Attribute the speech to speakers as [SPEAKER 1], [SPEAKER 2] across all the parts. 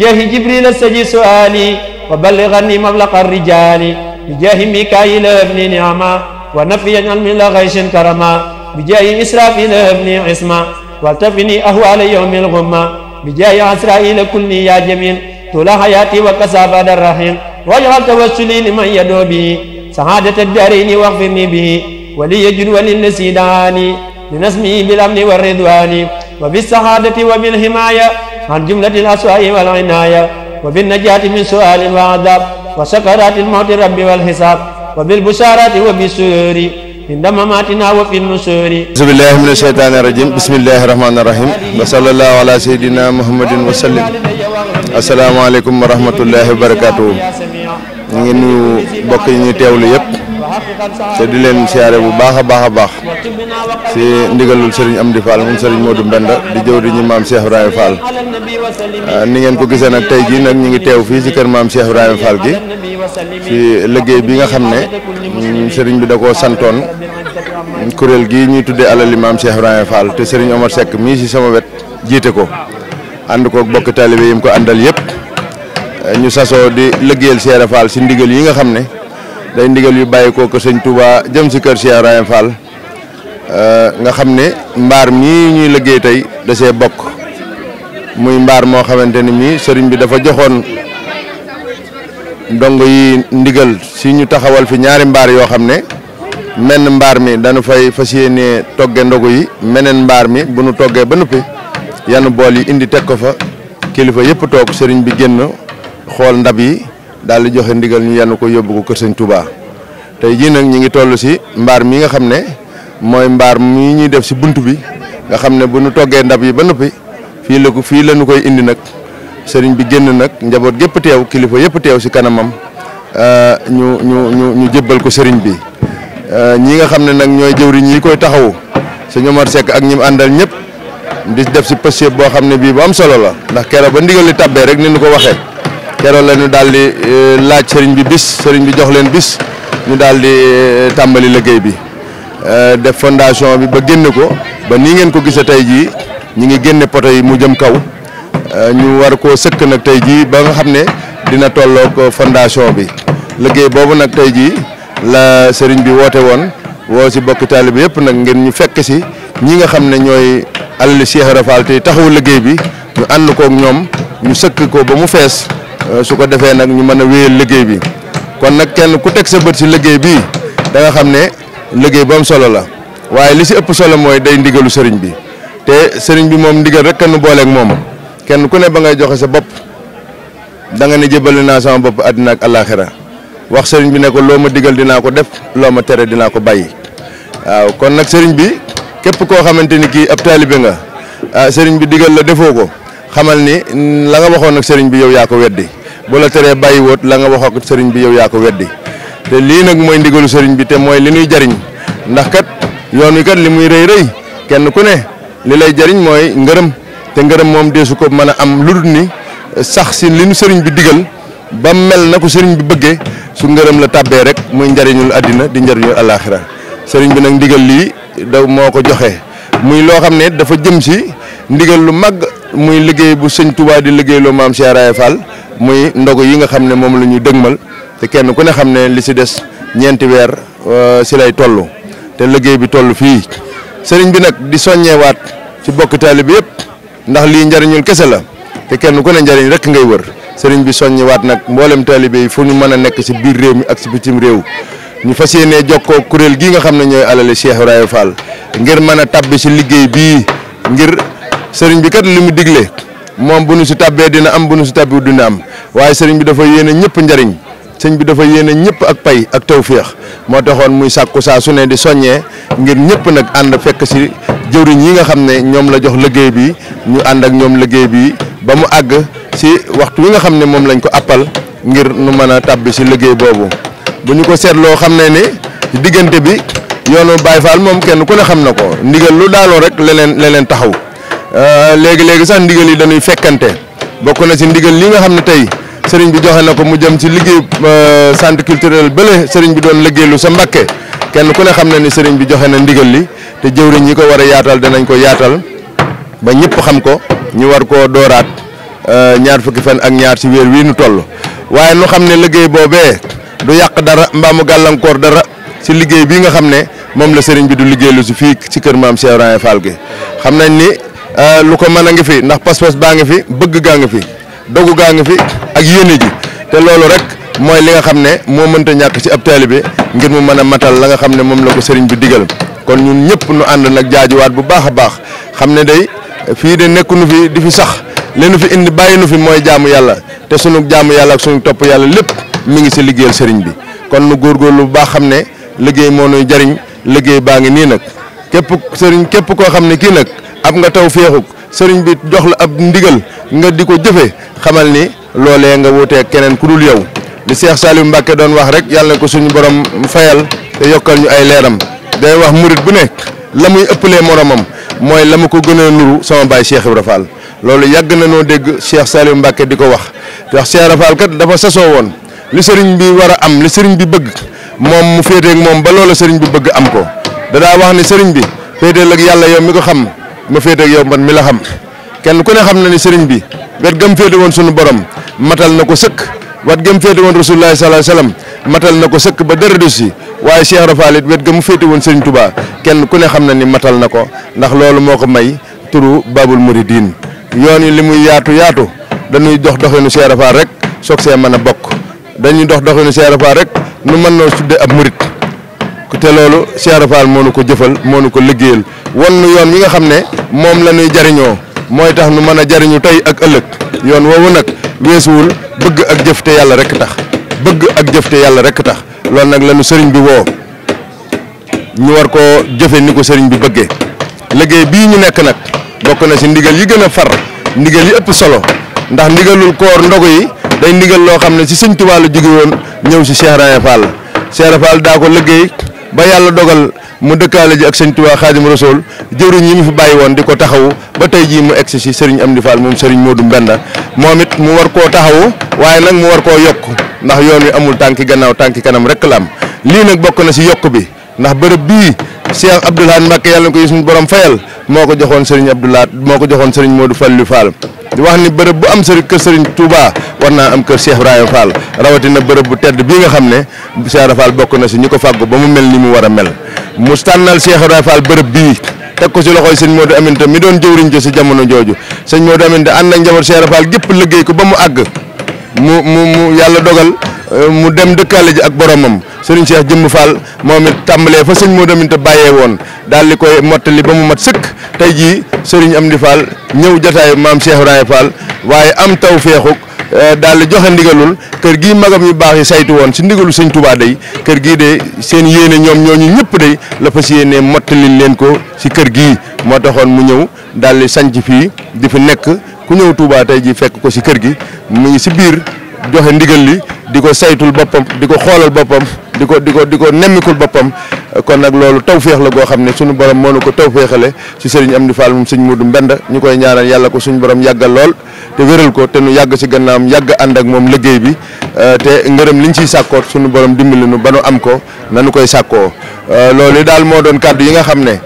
[SPEAKER 1] bijaahi jibril saji suali wa ballighni mablaqa rijali bijaahi mikail habni ni'ma wa nafiyan an min ghayshin karama bijaahi israfil habni isma wa tafini ahwala yawmil ghumma bijaahi asrail kulni ya jamil tula hayati wa kasaba darrahin waj'al tawassuli liman yadu bi saadata daraini waghfirni bi وليجد وللنسي دعاني لنسمي بالأمن والرضوان وبالسعادة وبالحماية an jumlatil aswa'i wal inaya wa bin najati min su'alin wa adab wa sakaratil mawti rabbi wal hisab wa bil busharati wa bisuri inda mamatina wa fin nusuri bismillahi min ashaytani rajim bismillahi rahmani rahim wa sallallahu ala sayidina muhammadin wa sallim asalaamaaleykum wa rahmatullahi wa barakatuh ñu ngi nuyu mbokk yi ñu teewlu yëpp te di leen siyaare bu baax a baax a baax si ndigalul sëriñ Amdi Fall moom sëriñ Modou mbend di jëw di ñu maam Cheikh Ibrahima Fall ah, ni ngeen ko gisee nag tey jii nag ñu ngi teew fii si kër maam Cheikh Ibrahima Fall gi si liggéey bi nga xam ne mm, sëriñ bi da ko santoon kuréel gi ñuy tuddee alali maam Cheikh Ibrahima Fall te sëriñ Omar Seck mii si sama wet jiite ko ànd ko bokk taalibe yi mu ko àndal yëpp eh, ñu sasoo di liggéeyal Cheikh Fall si ndigal yi nga xam ne day ndigal yu bàyyi ko ko sëñ jëm si kër Cheikh Ibrahima Fall euh, nga xam ne mbaar mii ñuy liggéey tey da bokk muy mbaar moo xamante ni mii sëriñ bi dafa joxoon ndongo yi ndigal si ñu taxawal fi ñaari mbaar yoo xam ne menn mbaar mi dañu fay fas yéenee togge ndogu yi meneen mbaar mi bu nu toggee ba noppi yanu bool yi indi teg ko fa kilifa yëpp toog sëriñ bi génn xool ndab yi daal di joxe ndigal ñu yenn ko yóbbu ko kër sëñ Touba tey jii nag ñu ngi toll si mbaar mii nga xam ne mooy mbaar mi ñuy def si bunt bi nga xam ne bu ñu toggee ndab yi ba noppi fii la ko fii la ñu koy indi nag sëriñ bi génn nag njaboot gépp teew kilifa yëpp teew si kanamam euh, ñu ñu ñu ñu jébbal ko sëriñ bi. Euh, ñi nga xam ne nag ñooy jëwriñ yi koy taxawu sëñ Omar Seck ak ñi mu àndal ñëpp di def si pëstéef boo xam ne bii bu am solo la ndax keroog ba ndigal li tàbbee rek ni ñu ko waxee. keroog la ñu daal di e, laaj sëriñ bi bis sëriñ bi jox leen bis ñu daal di e, tàmbali liggéey bi e, def fondation bi ba génn ko ba nii ngeen ko gisee tey jii ñi ngi génne poto yi mu jëm kaw ñu war ko sëkk nag tey jii ba nga xam ne dina tolloog fondation bi liggéey boobu nag tey jii la sëriñ bi woote woon woo si bokki taalibe bi yëpp nag ngeen ñu fekk si ñi nga xam ne ñooy alali Cheikh Rafal taxawu liggéey bi ñu ànd kook ñoom ñu sëkk ko ba mu fees Euh, su ko defee nag ñu mën a wéyal liggéey bi kon nag kenn ku teg sa bët si liggéey bi da nga xam ne liggéey bu am solo la waaye li si ëpp solo mooy day ndigalu sëriñ bi te sëriñ bi moom ndigal rek kenn booleek moom kenn ku ne ba ngay joxe sa bopp danga ne jébale naa sama bopp àddina ak àllaaxira wax sëriñ bi ne ko loo ma digal dinaa ko def loo ma tere dinaa ko bàyyi waaw kon nag sëriñ bi képp koo xamante ni kii ab taalibe nga ah, sëriñ bi digal la defoo ko xamal ni la nga waxoon ak sëriñ bi yow yaa ko weddi bu la teree bàyyi woot la nga wax ak sëriñ bi yow yaa ko weddi te lii nag mooy ndigalu sëriñ bi te mooy li nuy jariñ ndax kat yoon wi kat li muy rey rey kenn ku ne li lay jariñ mooy ngërëm te ngërëm moom deesu ko mën a am lu dul ni sax si li nu sëriñ bi digal ba mel na ko sëriñ bi bëggee su ngërëm la tàbbee rek muy njariñul àddina di njariñul alaaxira sëriñ bi nag ndigal lii da moo ko joxe muy loo xam ne dafa jëm si ndigal lu mag muy liggéey bu sëñ Touba di liggéey loo maam muy ndogu yi nga xam ne moom la ñu dëgmal te kenn ku ne xam ne li si des ñeenti weer euh, si lay toll te liggéey bi toll fii sëriñ bi nag di soññeewaat ci bokk taalibe yëpp ndax lii njariñul kese la te kenn ku ne njariñ rek ngay wër sëriñ bi soññewaat nag mboolem taalibe yi fu ñu mën a nekk si biir réew mi ak si bitim réew ñu fas yéenee jokkoo kuréel gii nga xam ne ñooy alali Cheikh Ibrahima Fall ngir mën a tabbi si liggéey bii ngir sëriñ bi kat li mu digle moom bu nu si tabbee dina am bu nu si tabbi am. waaye sëriñ bi dafa yéene ñëpp njariñ sëñ bi dafa yéene ñëpp ak pay ak tawféex moo taxoon muy sàkku saa su ne di soññee ngir ñëpp nag ànd fekk si jëwriñ yi nga xam ne ñoom la jox liggéey bi ñu ànd ak ñoom liggéey bi ba mu àgg si waxtu wi nga xam ne moom lañ ko appal ngir nu mën a tàbbi si liggéey boobu. bu ñu ko loo xam ne ni diggante bi yoonu Baye Fall moom kenn ku ne xam na ko ndigal lu daaloo rek leneen leneen taxaw euh, léegi léegi sax ndigal yi dañuy fekkante bokk na si ndigal li nga xam ne tey. sëriñ bi joxe na ko mu jëm ci liggéey euh, centre culturel bële sëriñ bi doon liggéeylu sa mbakke kenn ku ne xam na ni sëriñ bi joxe na ndigal li te jëwriñ ñi ko war a yaatal danañ ko yaatal ba ñëpp xam ko ñu war ko dooraat euh, ñaar fukki fan ak ñaar si weer wii nu toll waaye nu xam ne liggéey boobee du yàq dara mbaamu gàllankoor dara si liggéey bii nga xam ne moom la sëriñ bi du liggéeylu si fii ci kër maam Cheikh Ibrahima Fall gi xam nañ ni euh, lu ko mën a ngi fi ndax pas baa ngi fi bëgg gaa ngi fi dogu gaa ngi fi ak yéene ji te loolu rek mooy li nga xam ne moo mënta ñàkk ci ab taalibe ngir mu mën a matal la nga xam ne moom la ko sëriñ bi digal kon ñun ñëpp nu ànd nag jaajuwaat bu baax a baax xam ne day fii de nekkunu fi di fi sax li nu fi indi bàyyi nu fi mooy jaamu yàlla te sunu jaamu yàlla ak sunu topp yàlla lépp mi ngi si liggéeyal sëriñ bi kon nu góorgóorlu lu baax xam ne liggéey moo nuy jariñ liggéey baa ngi nii nag képp sëriñ képp koo xam ne kii am nga taw féexug sëriñ bi jox la ab ndigal nga di ko jëfe xamal ni loolee nga wuutee keneen ku dul yow li Cheikh Saliou Mbacke doon wax rek yàlla na ko suñu borom fayal te yokkal ñu ay leeram day wax murit bu ne la muy ëppalee moromam mooy la ma ko gën a nuru sama baay Cheikh Ibra Fall loolu yàgg na noo dégg Cheikh Saliou Mbacke di ko wax wax Cheikh Ibra dafa sasoo woon li sëriñ bi war a am li sëriñ bi bëgg moom mu féeteeg moom ba loola sëriñ bi bëgg am ko dadaa wax ne sëriñ bi féeteeg yàlla yow mi ko xam ma féete ak yow man mi la xam kenn ku ne xam na ni sëriñ bi wet gëm féete woon sunu borom matal na ko sëkk wet gam féete woon rasulullahi sallallahu alayhi wasallam matal na ko sëkk ba dara du si waaye Cheikh Rafal it wet gam féete woon sëriñ Touba kenn ku ne xam na ni matal na ko ndax loolu moo ko may turu Babul diin yoon yi li muy yaatu yaatu dañuy dox doxinu Cheikh Rafal rek soog see mën a bokk dañuy dox doxinu Cheikh Rafal rek nu mën noo tudde ab murit te loolu Cheikh moo nu ko jëfal moo nu ko liggéeyal wan nu yoon wi nga xam ne moom la jariñoo mooy tax nu mën a jariñu tey ak ëllëg yoon woowu nag weesuwul bëgg ak jëf te yàlla rek tax bëgg ak jëf te yàlla rek tax lool nag la ñu sëriñ bi woo ñu war ko jëfe ni ko sëriñ bi bëggee liggéey bii ñu nekk nag bokk na si ndigal yi gën a far ndigal yi ëpp solo ndax ndigalul koor ndogu yi day ndigal loo xam ne si sëñ Tuubaa la jóge ñëw si Cheikh Ibra Fall daa ko liggéey ba yàlla dogal mu dëkkaale ji ak sëñ Tuubaa Xaadim Rasuul jëwriñ yi mu fi bàyyi woon di ko taxawu ba tey ji mu egsi si sëriñ Amdi Fall moom sëriñ Modou Mbenda moom it mu war koo taxawu waaye nag mu war koo yokk ndax yoon wi amul tànki gannaaw tànki kanam rek la am lii nag bokk na si yokk bi ndax bërëb bii Cheikh Abdou Lahad Mbacké yàlla na ko suñu borom fayal moo ko joxoon sëriñ Abdou Lahad moo ko joxoon moo du Fallu lu di wax ni bërëb bu am sëriñ kër sëriñ Touba war naa am kër Cheikh Ibrahima Fall rawatina bërëb bu tedd bii nga xam ne Cheikh Ibra Fall bokk na si ñi ko fàggu ba mu mel ni mu war a mel mu tànnal Cheikh Ibra bërëb bii teg ko si loxoy sëñ Modou Aminta mi doon jëwriñ jo si jamono jooju sëñ Modou Aminta ànd nañ njaboot Cheikh Ibra Fall gépp liggéey ko ba mu àgg mu mu yàlla dogal euh, mu dem dëkkaale ji ak boromam sëriñ Cheikh Jëmm Fall moo it tàmbalee fa sëñ Modou Aminta bàyyee woon daal di koy mottali ba mu mat sëkk tey jii sëriñ Amdi Fall ñëw jataayu maam Cheikh Ibrahima Fall waaye am taw feexuk Eh, daal di joxe ndigalul kër gii magam yu baax yi saytu woon si ndigalu sëñ Touba day kër gii de seen yéene ñoom ñooñu ñëpp day la fas yéene mottali leen ko si kër gii moo taxoon mu ñëw daal di sanc fii di fi nekk ku ñëw Touba tey ji fekk ko si kër gi mu ngi si biir joxe ndigal li di ko saytul boppam di ko xoolal boppam di ko di ko di ko nemmikul boppam kon nag loolu tawféex la goo xam ne suñu borom moo nu ko tawféexale ci sëriñ Amdi Fall moom sëñ Modou mbend ñu koy ñaanal yàlla ko suñu borom yàggal lool te wéral ko te nu yàgg si gannaawam yàgg ànd ak moom liggéey bi euh, te ngërëm liñ ciy sàkkoot suñu borom dimbali nu ba am ko nu koy sàkkoo euh, loolu daal moo doon kàddu yi nga xam ne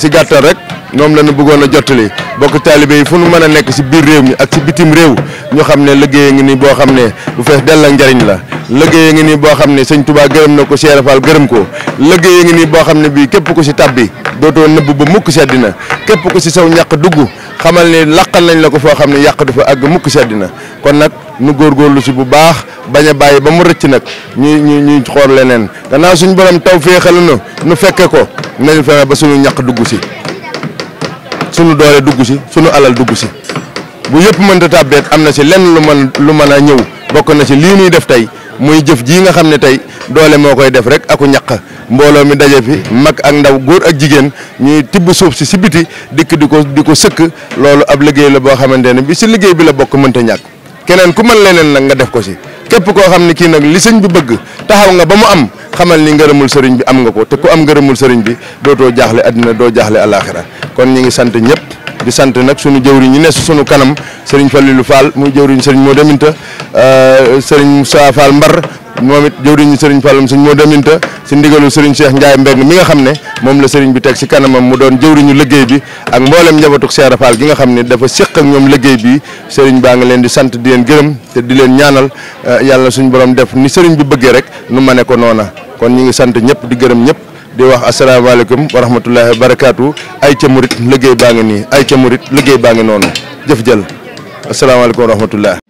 [SPEAKER 1] si euh, gàttal rek moom la ñu bëggoon a jottali bokk taalibe yi fu nu mën a nekk si biir réew mi ak si bitim réew ñu xam ne liggéey a ngi ni boo xam ne bu fees dell ak njariñ la liggéey ngi nii boo xam ne sañ Touba gërëm na ko Cheikh Fall gërëm ko liggéey ngi nii boo xam ne bii képp ku si tabbi dootoo nëbb ba mukk seddina képp ku si saw ñàq dugg xamal ne laqal nañ la ko foo xam ne yàq dafa àgg mukk sedd na kon nag nu góorgóorlu si bu baax bañ a bàyyi ba mu rëcc nag ñuy ñuy ñuy xool leneen gannaaw suñ borom taw féexal na nu fekke ko nañu fexe ba suñu ñàq dugg si suñu doole dugg si suñu alal dugg si bu yëpp mënta tàbbeek am na si lenn lu mën lu mën a ñëw bokk na si lii ñuy def tey muy jëf jii nga xam ne tey doole moo koy def rek aku ñaq mbooloo mi daje fi mag ak ndaw góor ak jigéen ñuy tibb suuf si si biti dikk di ko di ko sëkk loolu ab liggéey la boo xamante ne bi si liggéey bi la bokk mënta ñàkk keneen ku mën leneen nag nga def ko si képp koo xam ne kii nag li sëñ bi bëgg taxaw nga ba mu am xamal ni ngërëmul sëriñ bi am nga ko te ku am ngërëmul sëriñ bi dootoo jaaxle àddina doo jaaxle alaaxira kon ñu ngi sant ñëpp di sant nag sunu jëwriñ ñi ne si sunu kanam sëriñ Fallilu Fall muy jëwriñ sëriñ moo deminta euh, sëriñ Moussa Fall Mbar moom it jëwriñu sëriñ Fallum sëriñ moo deminta si ndigalu sëriñ Cheikh Ndiaye Mbeng mi nga xam ne moom la sëriñ bi teg si kanamam mu doon jëwriñu liggéey bi ak mboolem njabootug Cheikh Fall gi nga xam ne dafa séq ak ñoom liggéey bi sëriñ baa ngi leen di sant di leen gërëm te di leen ñaanal euh, yàlla suñu borom def ni sëriñ bi bëggee rek nu ma ne ko noona kon ñu ngi sant ñëpp di gërëm ñëpp di wax asalaamaaleykum wa rahmatullahi wa barakaatu ay ca murit liggéey baa ngi nii ay ca murit liggéey baa ngi noonu jëf jël asalaamaaleykum wa rahmatullah